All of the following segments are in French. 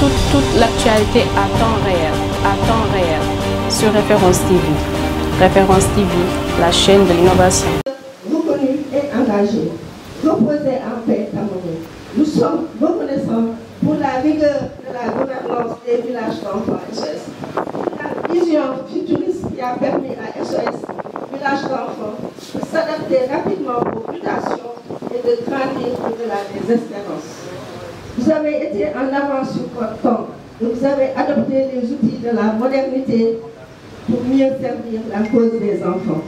toute, l'actualité à temps réel, à temps réel, sur Référence TV. Référence TV, la chaîne de l'innovation. Reconnus et engagés, reposé en paix, nom. Nous sommes reconnaissants pour la vigueur de la gouvernance des villages d'enfants SOS. La vision futuriste qui a permis à SOS, village d'enfants, de s'adapter rapidement aux mutations et de grandir au-delà des espérances. Vous avez été en avance sur votre temps et vous avez adopté les outils de la modernité pour mieux servir la cause des enfants.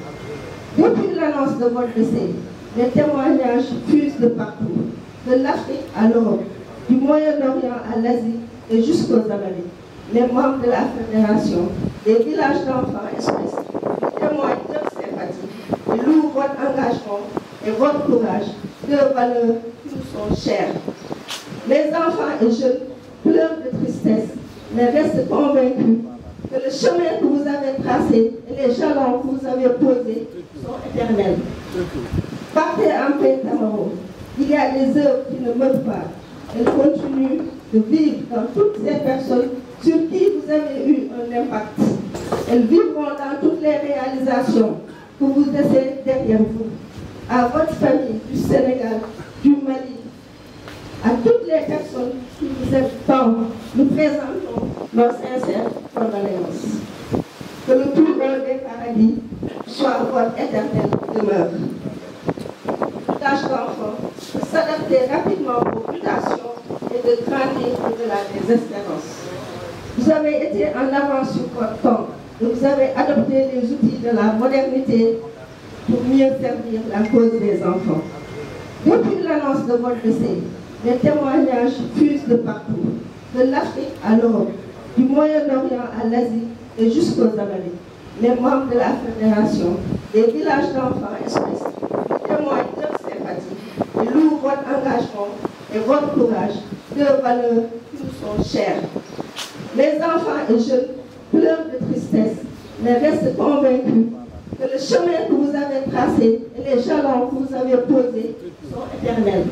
Depuis l'annonce de votre décès, les témoignages fusent de partout, de l'Afrique à l'Europe, du Moyen-Orient à l'Asie et jusqu'aux Amériques. Les membres de la Fédération des villages d'enfants espèces témoignent de sympathie et louent votre engagement et votre courage, deux valeurs sont chères. Les enfants et jeunes pleurent de tristesse, mais restent convaincus que le chemin que vous avez tracé et les jalons que vous avez posés sont éternels. Partez en paix, Cameroun. Il y a des œuvres qui ne meurent pas. Elles continuent de vivre dans toutes ces personnes sur qui vous avez eu un impact. Elles vivront dans toutes les réalisations que vous laissez derrière vous à votre famille du Sénégal, du Mali, à toutes les personnes qui vous aident, nous présentons nos sincères condoléances. Que le plus grand des paradis soit votre éternelle demeure. Tâche d'enfant de s'adapter rapidement aux mutations et de grandir de la désespérance. Vous avez été en avance sur votre temps et vous avez adopté les outils de la modernité pour mieux servir la cause des enfants. Depuis l'annonce de votre décès, les témoignages fusent de partout, de l'Afrique à l'Europe, du Moyen-Orient à l'Asie et jusqu'aux Amériques. Les membres de la Fédération des villages d'enfants espèces témoignent de sympathie louent votre engagement et votre courage, deux valeurs qui nous sont chères. Les enfants et jeunes pleurent de tristesse, mais restent convaincus que le chemin que vous avez tracé et les jalons que vous avez posés sont éternels.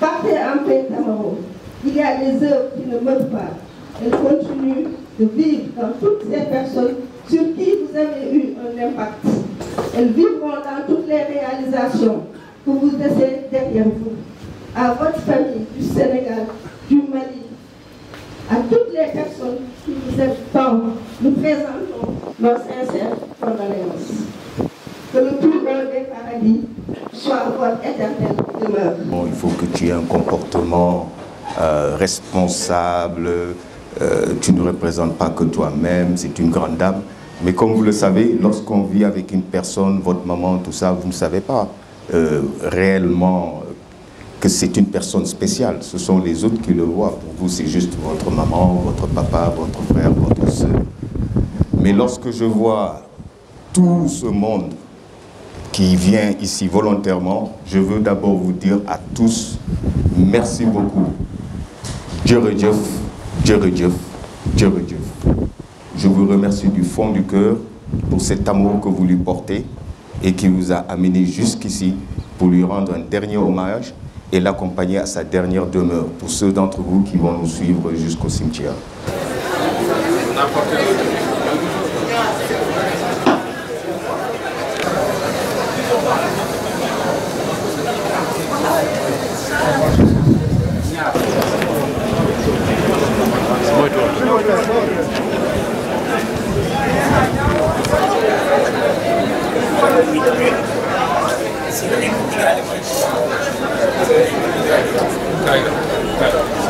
Partez en paix, Cameroun. Il y a des œuvres qui ne meurent pas. Elles continuent de vivre dans toutes ces personnes sur qui vous avez eu un impact. Elles vivront dans toutes les réalisations que vous laissez derrière vous. À votre famille du Sénégal, du Mali, à toutes les personnes qui vous aident, nous présentons nos sincères condoléances. Que le des paradis soit votre éternelle demeure. Bon, il faut que tu aies un comportement euh, responsable. Euh, tu ne représentes pas que toi-même, c'est une grande dame. Mais comme vous le savez, lorsqu'on vit avec une personne, votre maman, tout ça, vous ne savez pas euh, réellement que c'est une personne spéciale. Ce sont les autres qui le voient. Pour vous, c'est juste votre maman, votre papa, votre frère, votre soeur. Mais lorsque je vois tout ce monde qui vient ici volontairement, je veux d'abord vous dire à tous, merci beaucoup. Dieu Dieu, Je vous remercie du fond du cœur pour cet amour que vous lui portez et qui vous a amené jusqu'ici pour lui rendre un dernier hommage et l'accompagner à sa dernière demeure, pour ceux d'entre vous qui vont nous suivre jusqu'au cimetière. Thank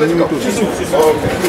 Let's go.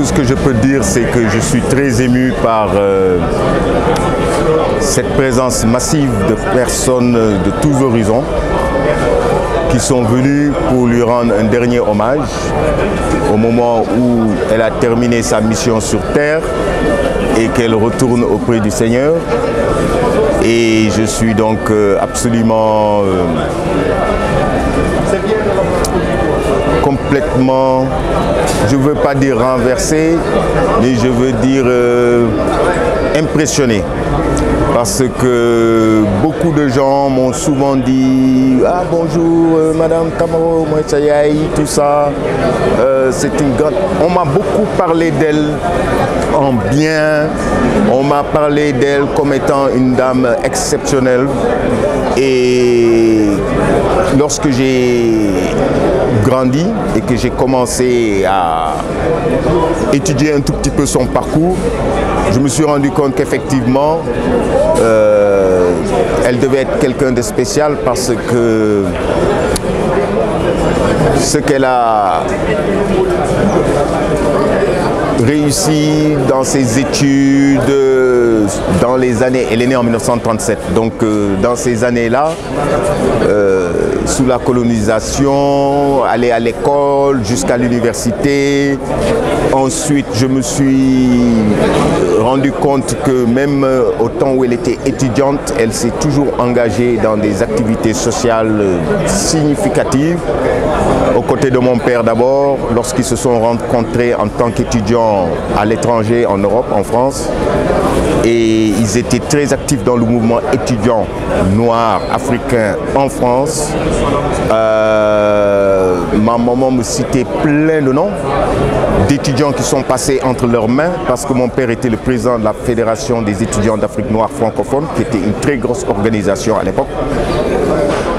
tout ce que je peux dire, c'est que je suis très ému par euh, cette présence massive de personnes de tous horizons qui sont venues pour lui rendre un dernier hommage au moment où elle a terminé sa mission sur terre et qu'elle retourne auprès du Seigneur. Et je suis donc euh, absolument euh, complètement, je ne veux pas dire renversé, mais je veux dire euh, impressionné. Parce que beaucoup de gens m'ont souvent dit « Ah bonjour, euh, Madame Kamaro, tout ça, euh, c'est une grande... » On m'a beaucoup parlé d'elle en bien, on m'a parlé d'elle comme étant une dame exceptionnelle. Et lorsque j'ai et que j'ai commencé à étudier un tout petit peu son parcours, je me suis rendu compte qu'effectivement, euh, elle devait être quelqu'un de spécial parce que ce qu'elle a réussi dans ses études, euh, dans les années, elle est née en 1937, donc euh, dans ces années-là, euh, sous la colonisation, aller à l'école jusqu'à l'université. Ensuite, je me suis rendu compte que même au temps où elle était étudiante, elle s'est toujours engagée dans des activités sociales significatives, aux côtés de mon père d'abord, lorsqu'ils se sont rencontrés en tant qu'étudiants à l'étranger, en Europe, en France et ils étaient très actifs dans le mouvement étudiants noir africains en France. Euh, ma maman me citait plein de noms d'étudiants qui sont passés entre leurs mains parce que mon père était le président de la Fédération des étudiants d'Afrique noire francophone qui était une très grosse organisation à l'époque.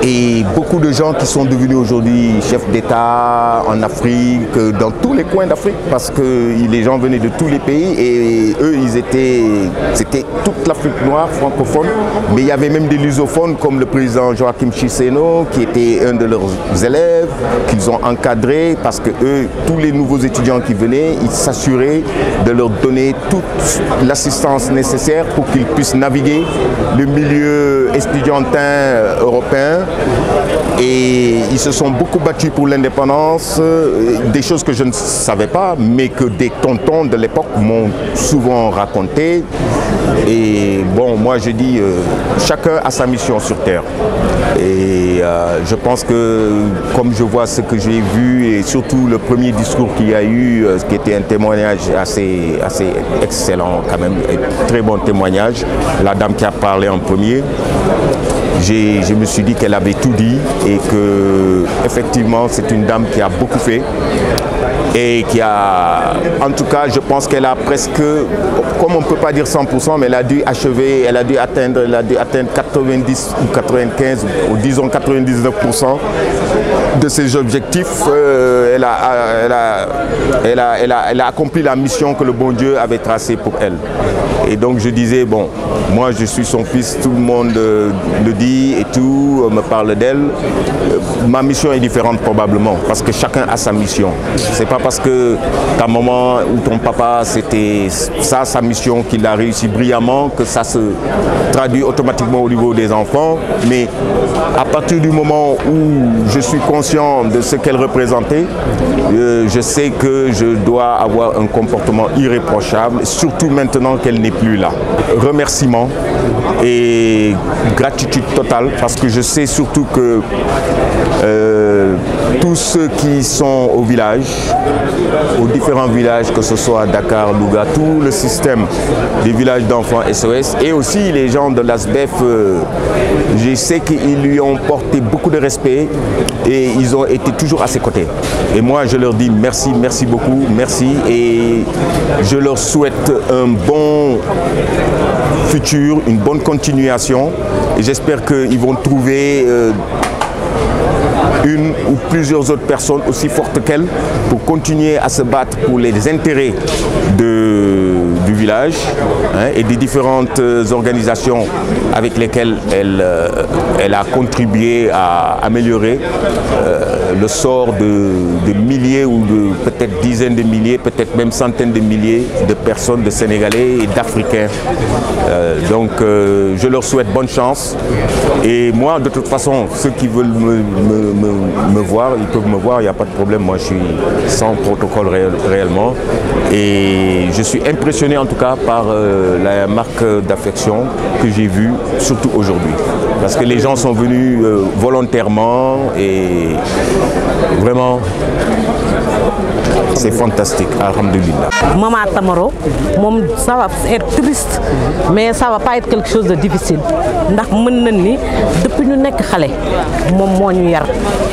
Et beaucoup de gens qui sont devenus aujourd'hui chefs d'État en Afrique, dans tous les coins d'Afrique, parce que les gens venaient de tous les pays et eux, ils étaient, c'était toute l'Afrique noire francophone, mais il y avait même des lusophones comme le président Joachim Chisseno, qui était un de leurs élèves, qu'ils ont encadré, parce que eux, tous les nouveaux étudiants qui venaient, ils s'assuraient de leur donner toute l'assistance nécessaire pour qu'ils puissent naviguer le milieu estudiantin européen et ils se sont beaucoup battus pour l'indépendance, euh, des choses que je ne savais pas, mais que des tontons de l'époque m'ont souvent raconté. Et bon, moi je dis, euh, chacun a sa mission sur Terre. Et euh, je pense que, comme je vois ce que j'ai vu, et surtout le premier discours qu'il y a eu, euh, ce qui était un témoignage assez, assez excellent quand même, un très bon témoignage, la dame qui a parlé en premier, je me suis dit qu'elle avait tout dit et que effectivement c'est une dame qui a beaucoup fait et qui a, en tout cas, je pense qu'elle a presque, comme on ne peut pas dire 100%, mais elle a dû achever, elle a dû atteindre, a atteindre 90 ou 95 ou disons 99% de ses objectifs. Euh, elle, elle, a, elle, a, accompli la mission que le bon Dieu avait tracée pour elle. Et donc je disais, bon, moi je suis son fils, tout le monde euh, le dit et tout, euh, me parle d'elle. Euh, ma mission est différente probablement, parce que chacun a sa mission. C'est pas parce que ta maman ou ton papa, c'était ça sa mission qu'il a réussi brillamment, que ça se traduit automatiquement au niveau des enfants. Mais à partir du moment où je suis conscient de ce qu'elle représentait, je sais que je dois avoir un comportement irréprochable, surtout maintenant qu'elle n'est plus là. Remerciement et gratitude totale parce que je sais surtout que euh, tous ceux qui sont au village, aux différents villages, que ce soit Dakar, Louga, tout le système des villages d'enfants SOS et aussi les gens de l'ASBEF, euh, je sais qu'ils lui ont porté beaucoup de respect et ils ont été toujours à ses côtés. Et moi, je leur dis merci, merci beaucoup, merci et je leur souhaite un bon futur, une bonne continuation. J'espère qu'ils vont trouver... Euh, une ou plusieurs autres personnes aussi fortes qu'elle pour continuer à se battre pour les intérêts de village hein, et des différentes euh, organisations avec lesquelles elle, euh, elle a contribué à améliorer euh, le sort de, milliers ou de peut-être dizaines de milliers, peut-être même centaines de milliers de personnes, de Sénégalais et d'Africains. donc je leur souhaite bonne chance et moi de toute façon, ceux qui veulent me, voir, ils peuvent me voir, il n'y a pas de problème, moi je suis sans protocole réellement et je suis impressionné en tout cas par euh, la marque d'affection que j'ai vue, surtout aujourd'hui. Parce que les gens sont venus euh, volontairement et vraiment c'est fantastique, alhamdulillah. Maman Tamaro, ça va être triste, mais ça va pas être quelque chose de difficile. Ndax mën ni depuis que nous sommes enfants, à ñu yar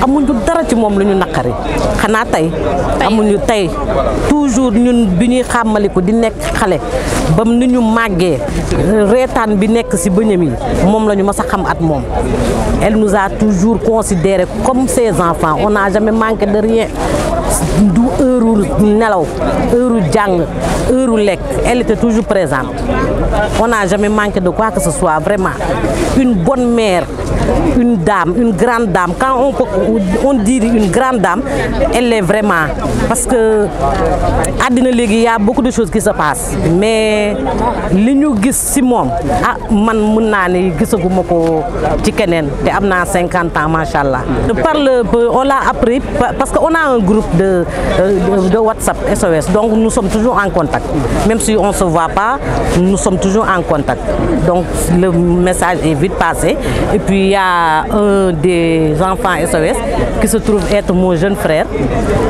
amuñu dara ci a lu ñu à mon tey amuñu fait. toujours ñun bi ñuy xàmmaliku di nekk xale bam nous ñu enfants. Quand bi sommes si bëñam yi moom la ñu mas a xam elle nous a toujours considérés comme ses enfants on n'a jamais manqué de rien du euh, elle était toujours présente on n'a jamais manqué de quoi que ce soit vraiment une bonne mère une dame une grande dame quand on dit une grande dame elle est vraiment parce que à il y a beaucoup de choses qui se passent mais les ah ans on l'a appris parce qu'on a un groupe de euh, de WhatsApp SOS. Donc nous sommes toujours en contact. Même si on ne se voit pas, nous sommes toujours en contact. Donc le message est vite passé. Et puis il y a un des enfants SOS qui se trouve être mon jeune frère.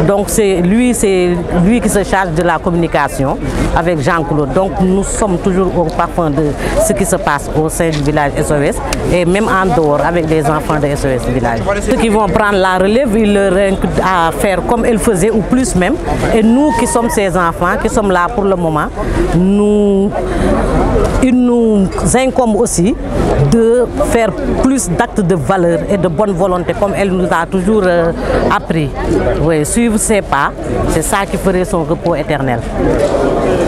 Donc c'est lui, c'est lui qui se charge de la communication avec Jean-Claude. Donc nous sommes toujours au parfum de ce qui se passe au sein du village SOS et même en dehors avec les enfants de SOS village. Ceux qui vont prendre la relève, ils leur à faire comme ils faisaient ou plus même et nous qui sommes ces enfants, qui sommes là pour le moment, nous, il nous incombe aussi de faire plus d'actes de valeur et de bonne volonté, comme elle nous a toujours euh, appris. Oui, suivre ses pas, c'est ça qui ferait son repos éternel.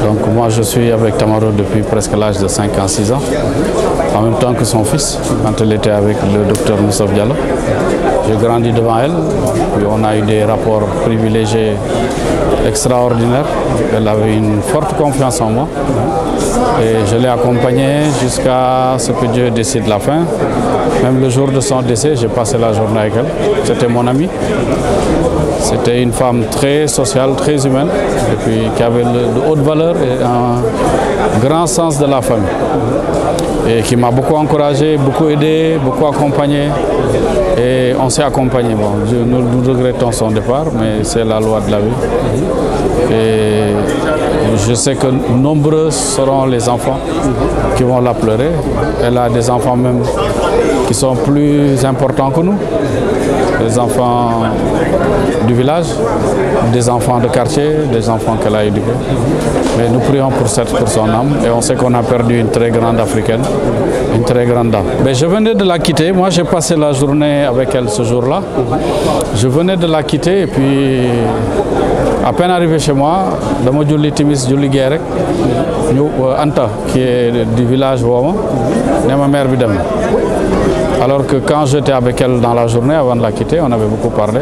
Donc moi je suis avec Tamaro depuis presque l'âge de 5 ans, 6 ans, en même temps que son fils, quand elle était avec le docteur Moussa Diallo. J'ai grandi devant elle, puis on a eu des rapports privilégiés extraordinaire. Elle avait une forte confiance en moi. Et je l'ai accompagnée jusqu'à ce que Dieu décide la fin. Même le jour de son décès, j'ai passé la journée avec elle. C'était mon amie. C'était une femme très sociale, très humaine, et puis qui avait de hautes valeurs et un grand sens de la famille. Et qui m'a beaucoup encouragé, beaucoup aidé, beaucoup accompagné on s'est accompagné. nous, regrettons son départ, mais c'est la loi de la vie. Et je sais que nombreux seront les enfants qui vont la pleurer. Elle a des enfants même qui sont plus importants que nous. Des enfants du village, des enfants de quartier, des enfants qu'elle a éduqués. Mais nous prions pour, cette, son âme et on sait qu'on a perdu une très grande africaine, une très grande dame. Mais je venais de la quitter, moi j'ai passé la journée avec elle ce jour-là. Je venais de la quitter et puis à peine arrivé chez moi, le module Timis, Julie Guérec, euh, Anta, qui est du village Wama, n'est ma mère Bidem. Alors que quand j'étais avec elle dans la journée, avant de la quitter, on avait beaucoup parlé.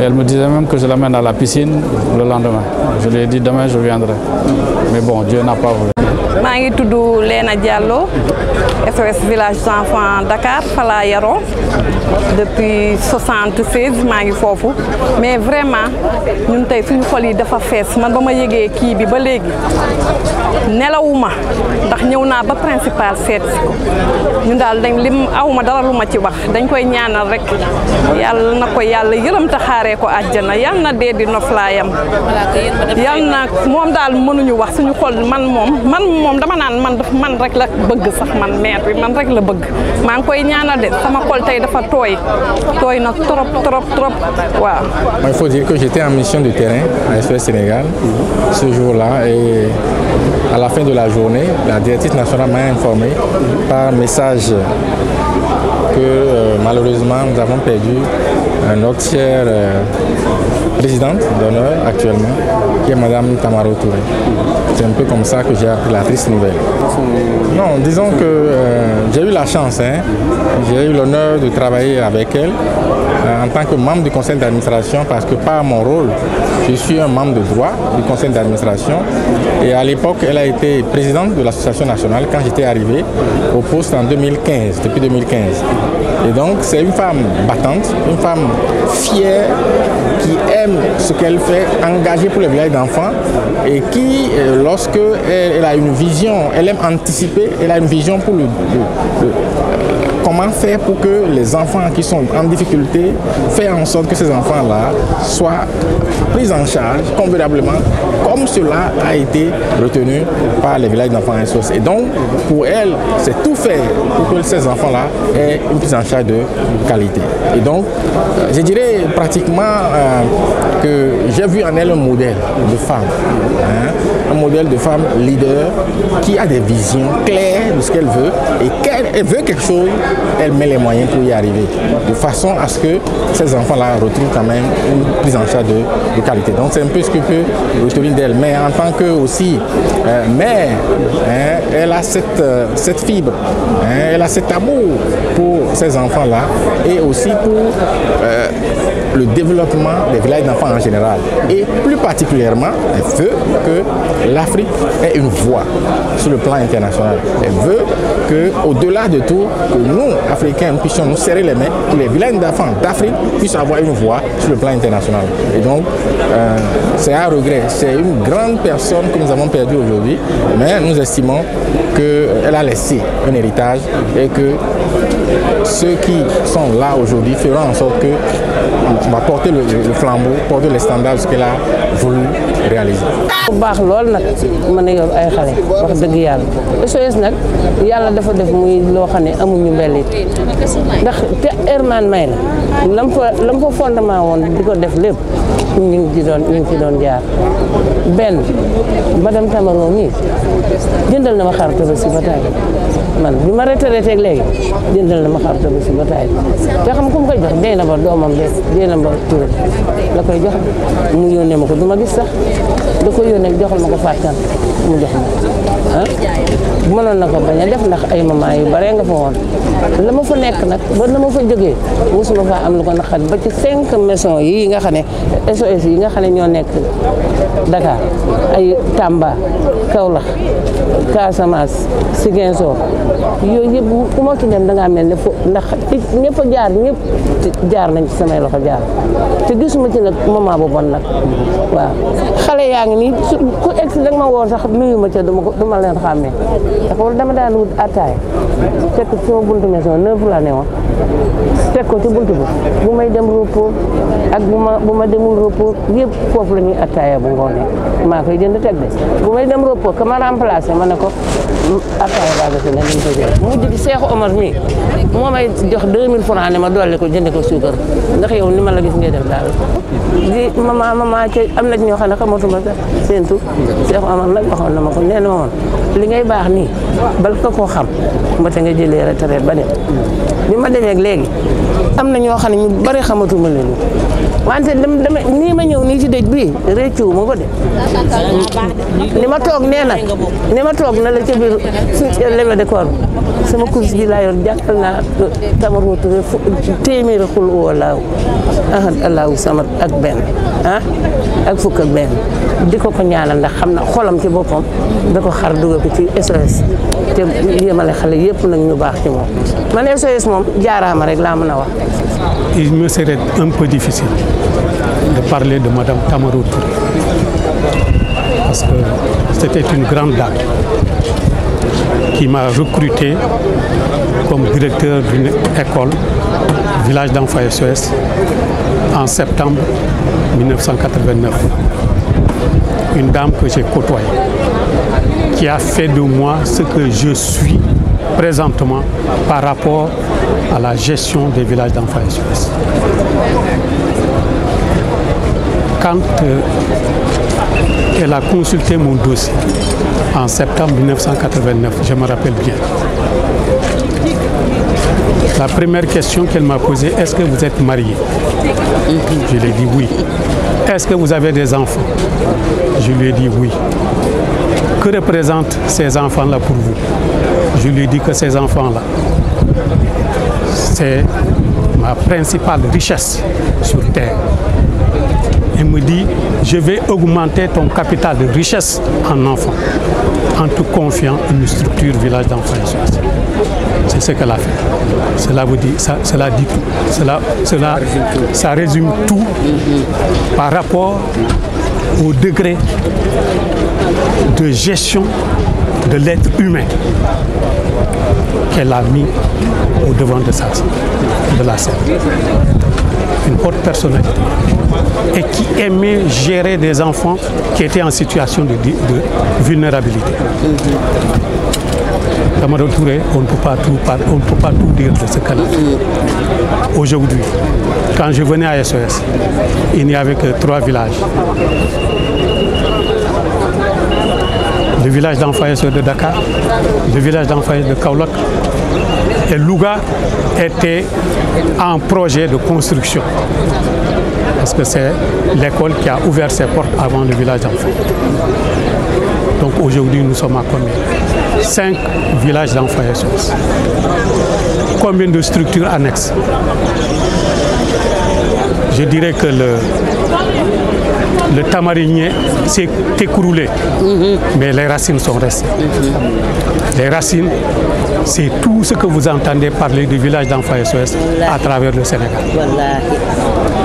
elle me disait même que je l'amène à la piscine le lendemain. Je lui ai dit demain je viendrai. Mais bon, Dieu n'a pas voulu. maa ngi tudd Léna Diallo SOS village d'enfants Dakar fa laa yaroo depuis soixante seize maa ngi foofu mais vraiment ñun tey suñu xol yi dafa fees man ba ma yëgee kii bi ba léegi nelawuma ndax ñëw naa ba principal seet ñun daal dañ lim awma dara lu ma ci wax dañ koy ñaanal rek yàlla na ko yàlla yërëm ta xaaree ko àjjana yàlla na dee di noflaayam yàlla na moom daal mënuñu wax suñu xol man moom man trop trop trop il faut dire que j'étais en mission de terrain à SP Sénégal ce jour-là et à la fin de la journée, la directrice nationale m'a informé par message que euh, malheureusement nous avons perdu notre chère euh, présidente d'honneur actuellement, qui est Madame Tamaro Touré c'est un peu comme ça que j'ai appris la triste nouvelle. Non, disons que euh, j'ai eu la chance, hein. j'ai eu l'honneur de travailler avec elle euh, en tant que membre du conseil d'administration parce que par mon rôle, je suis un membre de droit du conseil d'administration et à l'époque, elle a été présidente de l'association nationale quand j'étais arrivé au poste en 2015, depuis 2015. Et donc, c'est une femme battante, une femme fière, qui aime ce qu'elle fait, engagée pour les villages d'enfants, et qui, euh, lorsque elle, a une vision, elle aime anticiper, elle a une vision pour le, comment faire pour que les enfants qui sont en difficulté, faire en sorte que ces enfants-là soient pris en charge convenablement, comme cela a été retenu par les villages d'enfants SOS. Et donc, pour elle, c'est tout faire pour que ces enfants-là aient une prise en charge de qualité. Et donc, euh, je dirais pratiquement euh, que j'ai vu en elle un modèle de femme. Hein un modèle de femme leader qui a des visions claires de ce qu'elle veut et qu'elle veut quelque chose, elle met les moyens pour y arriver, de façon à ce que ces enfants-là retrouvent quand même une prise en charge de, qualité. Donc c'est un peu ce que peut l'autorité d'elle. Mais en tant que aussi Mais euh, mère, hein, elle a cette, euh, cette fibre, hein, elle a cet amour pour ces enfants-là et aussi pour... Euh, le développement des villages d'enfants en général et plus particulièrement, elle veut que l'Afrique ait une voix sur le plan international. Elle veut que, au-delà de tout, que nous, Africains, puissions nous serrer les mains, que les villages d'enfants d'Afrique puissent avoir une voix sur le plan international. Et donc, euh, c'est un regret. C'est une grande personne que nous avons perdue aujourd'hui, mais nous estimons qu'elle euh, a laissé un héritage et que ceux qui sont là aujourd'hui feront en sorte que m'a porté le, le, flambeau, porté les standards ce qu'elle a réaliser. bu baax lool nag man a yor ay xale wax dëgg yàlla SOS nag yàlla dafa def muy loo xam ne amuñu mbellit ndax te Herman may la lam fa lam fa fondement woon di ko def lépp ñu ngi ci doon ci doon jaar benn madame Tamaro mii jëndal na ma xar Tabaski ba tàyyi man bi ma retraité léegi jëndal na ma xar tabaski ba taay te xam ku mu koy jox dee na ba doomam de dee na ba turam la koy jox mu yónnee ma ko duma gis sax da ko yónnee joxal ma ko fàttan mu jox ma ah mënoon na ko bañ a def ndax ay moment yu bare nga fa woon la ma fa nekk nag ba na ma fa jógee mosuma faa am lu ko naqari ba ci cinq maisons yi nga xam ne SOS yi nga xam ne ñoo nekk Dakar ay Tamba Kaolack Casamance Ziguinchor yooyu yëpp ku ma ci dem da ngaa mel ne fo ndax ñëpp a jaar ñëpp jaar nañ ci samay loxo jaar te gisuma ci nag moment bu nag waaw xale yaa ngi nii ku egsi ma woo sax nuyu ma ca duma ko duma leen xàmmee xool dama daan wut attaay teg ko sama buntu maison neuf la ne woon teg ko ci buntu bi bu may dem repos ak bu ma bu ma demul repos yëpp foofu la ñuy attaaya bu ngoonee maa koy jënd teg de bu may dem repos ka ma remplacé ma ne ko attaaya baa nga fi ne dañ ko jël mujj gi Seexu Omar mii moo may jox 2000 francs ne ma dolli ko jënd ko suukar ndax yow ni ma la gis di mama mama ci am na ñoo xam ne xamatuma seen tur Seexu Omar nag waxoon na ma ko nee na woon li ngay baax nii bal ka koo xam mbate nga jëlee retraite ba dem bi ma demee léegi am na ñoo xam xamatuma leen wante dama nii ma ñëw nii ci dëj bii réccu ma ko de ni ma toog nee na li ma toog na la ca biir suñu levée de corps sama course gi laa yor jàppal naa Tamaro Touré téeméeri xul walaaw ahad allahu samad ak benn ah ak fukk ak benn di ko ko ñaanal ndax xam na xolam ci boppam da ko xar dugal ko ci SOS te yemale xale yëpp nag ñu baax ci moom man SOS moom jaaraama rek laa mën a wax. il me serait un peu difficile de parler de madame Tamaro Touré parce que c'était une grande dame. qui m'a recruté comme directeur d'une école, village d'enfants SOS, en septembre 1989. Une dame que j'ai côtoyée, qui a fait de moi ce que je suis présentement par rapport à la gestion des villages d'enfants SOS. Quand euh, elle a consulté mon dossier en septembre 1989, je me rappelle bien. La première question qu'elle m'a posée, est-ce que vous êtes marié Je lui ai dit oui. Est-ce que vous avez des enfants Je lui ai dit oui. Que représentent ces enfants-là pour vous Je lui ai dit que ces enfants-là, c'est ma principale richesse sur Terre et me dit je vais augmenter ton capital de richesse en enfants en te confiant une structure village d'enfants C'est ce qu'elle a fait. Cela vous dit, cela dit tout. Cela, cela, ça résume tout par rapport au degré de gestion de l'être humain qu'elle a mis au devant de, sa, de la scène. Une haute personnalité et qui aimait gérer des enfants qui étaient en situation de, vulnérabilité. on ne peut pas tout, on ne peut pas tout dire de ce cas-là. Aujourd'hui, quand je venais à SOS, il n'y avait que trois villages. Le village d'enfants de Dakar, le village d'enfants de Kaolok et Louga était en projet de construction parce que c'est l'école qui a ouvert ses portes avant le village d'enfants. Donc aujourd'hui, nous sommes à combien Cinq villages d'enfants SOS. Combien de structures annexes Je dirais que le, le tamarinier s'est écroulé, mais les racines sont restées. Les racines, c'est tout ce que vous entendez parler du village d'enfants SOS à travers le Sénégal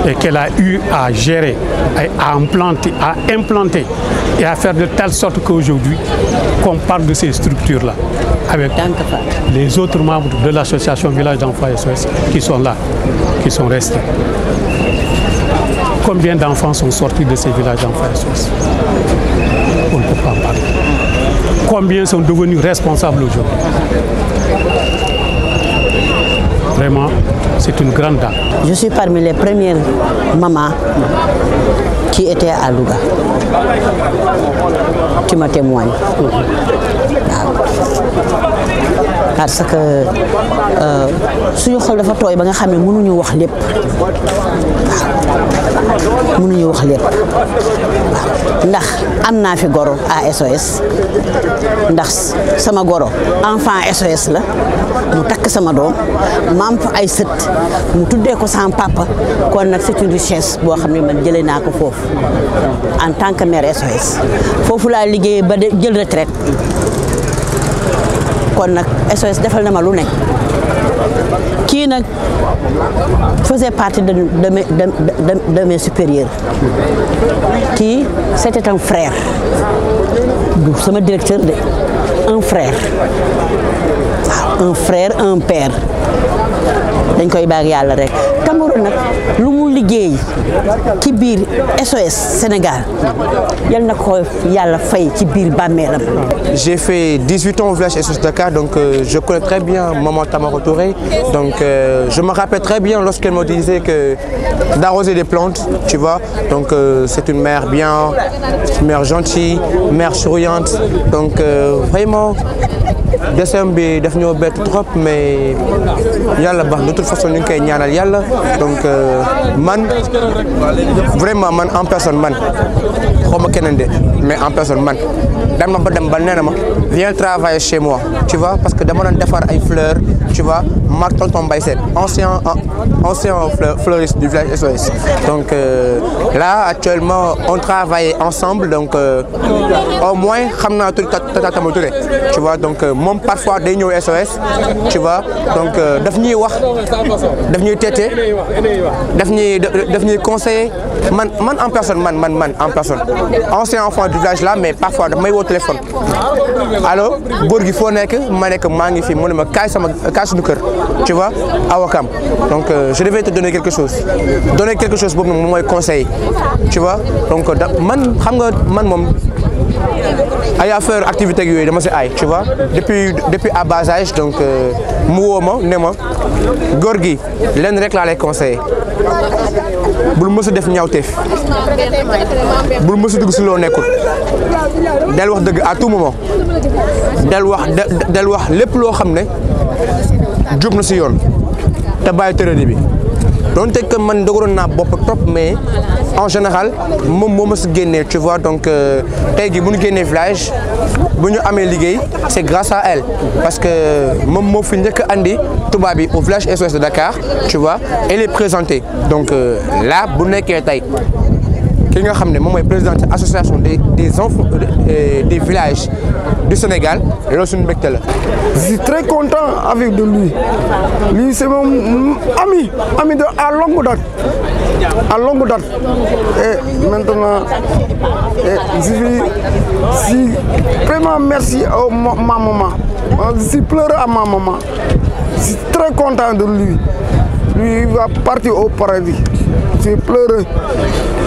et qu'elle a eu à gérer, à implanter, à implanter et à faire de telle sorte qu'aujourd'hui, qu'on parle de ces structures-là avec les autres membres de l'association Village d'enfants SOS qui sont là, qui sont restés. Combien d'enfants sont sortis de ces villages d'enfants SOS On ne peut pas en parler. Combien sont devenus responsables aujourd'hui c'est une grande dame. Je suis parmi les premières mamans qui étaient à Louga. Tu me témoignes. parce que euh, suñu xol dafa tooy ba nga xam ne mënuñu wax lépp waaw wax lépp ndax am naa fi goro à SOS ndax sama goro enfant SOS la mu takk sama doom maam fa ay sët mu tuddee ko sans papa kon nag c'est une boo xam ne man jëlee naa ko foofu en tant que mère SOS foofu laa liggéeyee ba jël retraite kon nag SOS defal na ma lu que kii nag faisait partie de de de de de mes supérieurs c'était un frère du sama directeur de un frère. un frère un père koy Cameroun nak ci SOS Sénégal ko fay ci J'ai fait 18 ans au village SOS Dakar donc euh, je connais très bien maman Tamara Touré donc euh, je me rappelle très bien lorsqu'elle me disait que d'arroser des plantes tu vois donc euh, c'est une mère bien une mère gentille mère souriante donc vraiment décembre def ñoo bett trop mais yalla baax de toute façon ñu ngi koy ñaanal yalla donc euh, man vraiment man en personne man xoma ma de mais en personne man dans na ba dem ma viens travailler chez moi tu vois parce que dama doon defar ay fleurs tu vois Marc tonton Mbaye ancien ancien fleuriste du village SOS donc là actuellement on travaille ensemble donc au moins xam tout tur Tata Tama Touré tu vois donc moom parfois des nouveaux SOS tu vois donc daf ñuy wax daf ñuy teete daf conseiller man man en personne man man man en personne ancien enfant du village là mais parfois téléphone Allô, góor gi foo nekk ma nekk maa fi mu ne cœur. tu vois awakam donc euh, je devais te donner quelque chose donner quelque chose pour moi conseil tu vois donc da man xam nga man mom, ay activité ak tu vois depuis depuis à bas âge donc moi euh, moi ma moi ma l'un des lenn bul mës def ñaawteef bul mës dëgg dugg si loo nekkul del wax dëgg à tout del wax del wax lépp loo xam ne jub na si yoon te bàyyi tërëdi bi Donc, que man dogorona bop top mais en général mom moo se guenné tu vois donc euh, tay jii buñu guenné flash, village bu ñu amee grâce à elle parce que mom mo fi ñëk andi tubaab bi au village SOS de Dakar tu vois et les présenter donc euh, là bu nekkee tay ki nga xam ne moom président de association des des enfants euh, euh, des villages du Sénégal loolu Bektel. je suis très content avec de lui lui c'est mon ami ami de à longue date à longue date et maintenant et je suis vraiment merci à ma maman je pleure pleuré à ma maman je suis très content de lui lui va partir au paradis je pleure.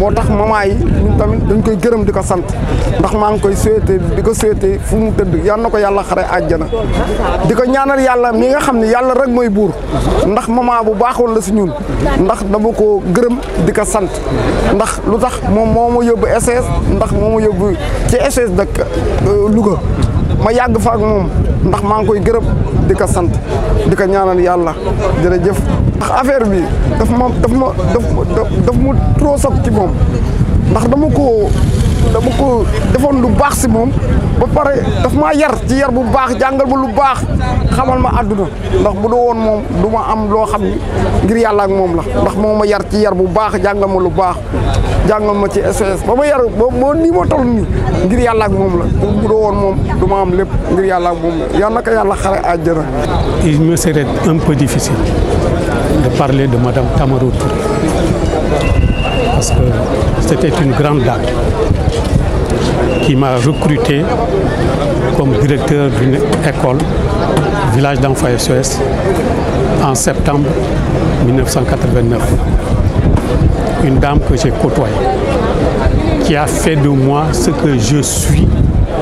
moo tax maman yi ñun tamit dañ koy gërëm di ko sant ndax maa ngi koy souhaité di ko souhaité fu mu tëdd yal na ko yàlla xare àjjana di ko ñaanal yàlla mi nga xam ne yàlla rek mooy buur ndax maman bu baaxoon la si ñun ndax dama ko gërëm di ko ndax lu tax moom moo ma yóbbu SS ndax moo ma yóbbu ci SS de euh, Louga ma yag fa ak moom ndax maa ngi koy gërëm di ko sant di ko ndax affaire bi daf ma daf ma daf daf ma trop soog ci moom ndax dama ko dama ko defoon lu baax si moom ba pare daf maa yar ci yar bu baax jàngal ma lu baax xamal ma àdduna ndax bu doo woon moom du ma am loo xam ni ngir yàlla ak moom la ndax moo ma yar ci yar bu baax jàngal ma lu baax jàngal ma ci SOS ba ma yar ba nii ma toll nii ngir yàlla ak moom la bu doo woon moom du am lépp ngir yàlla ak moom la yal na xare àjjana. il me serait un peu difficile. de parler de Madame Tamarou Parce que c'était une grande dame qui m'a recruté comme directeur d'une école, village d'enfants SOS, en septembre 1989. Une dame que j'ai côtoyée, qui a fait de moi ce que je suis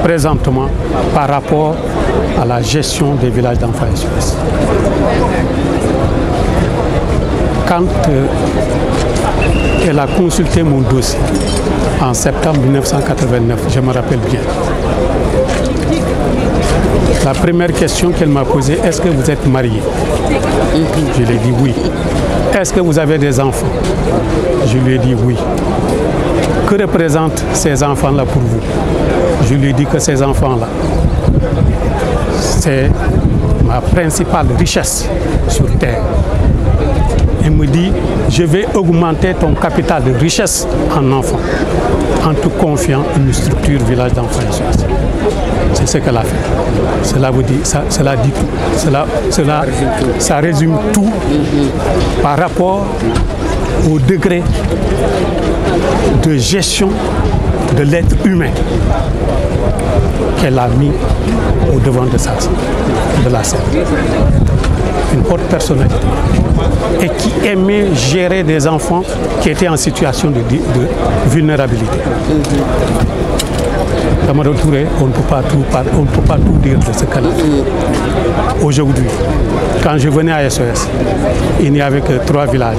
présentement par rapport à la gestion des villages d'enfants SOS quand euh, elle a consulté mon dossier en septembre 1989, je me rappelle bien. La première question qu'elle m'a posée, est-ce que vous êtes marié Je lui ai dit oui. Est-ce que vous avez des enfants Je lui ai dit oui. Que représentent ces enfants-là pour vous Je lui ai dit que ces enfants-là, c'est ma principale richesse sur Terre me dit je vais augmenter ton capital de richesse en enfants en te confiant une structure village d'enfants C'est ce qu'elle a fait. Cela vous dit, ça, cela dit tout. Cela, cela, ça résume tout par rapport au degré de gestion de l'être humain qu'elle a mis au devant de, sa, de la scène. Une haute personnalité et qui aimait gérer des enfants qui étaient en situation de, vulnérabilité. Dans Touré, on peut pas tout, on ne peut pas tout dire de ce cas là Aujourd'hui, quand je venais à SOS, il n'y avait que trois villages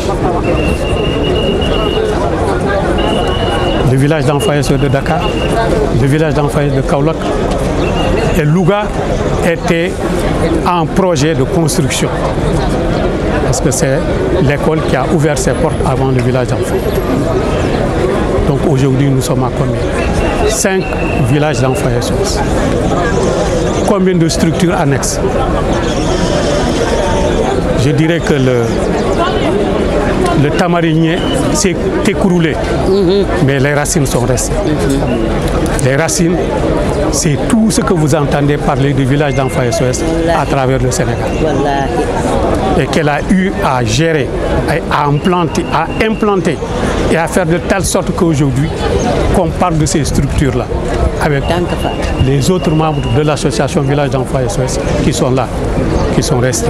le village d'enfants de Dakar, le village d'enfants de Kaolok. Et Louga était en projet de construction. Parce que c'est l'école qui a ouvert ses portes avant le village d'enfants. Donc aujourd'hui, nous sommes à combien Cinq villages d'enfants et Combien de structures annexes Je dirais que le, le tamarinier s'est écroulé, mhm. mais les racines sont restées. Mhm. Les racines, c'est tout ce que vous entendez parler du village d'enfants SOS à travers le Sénégal. Et qu'elle a eu à gérer, à implanter, à implanter et à faire de telle sorte qu'aujourd'hui, qu'on parle de ces structures-là avec les autres membres de l'association Village d'enfants SOS qui sont là, qui sont restés.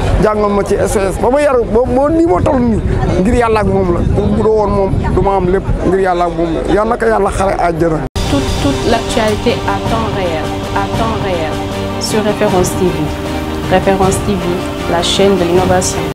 jàngal ma ci ss ba ma yar ba ni mo ma toll nii ngir yalla ak mom la bu doo woon moom du am lepp ngir yalla ak mom yalla yal yalla ko yàlla xare àjjana. toute toute l'actualité à temps réel à temps réel sur Référence TV Référence TV la chaîne de l'innovation.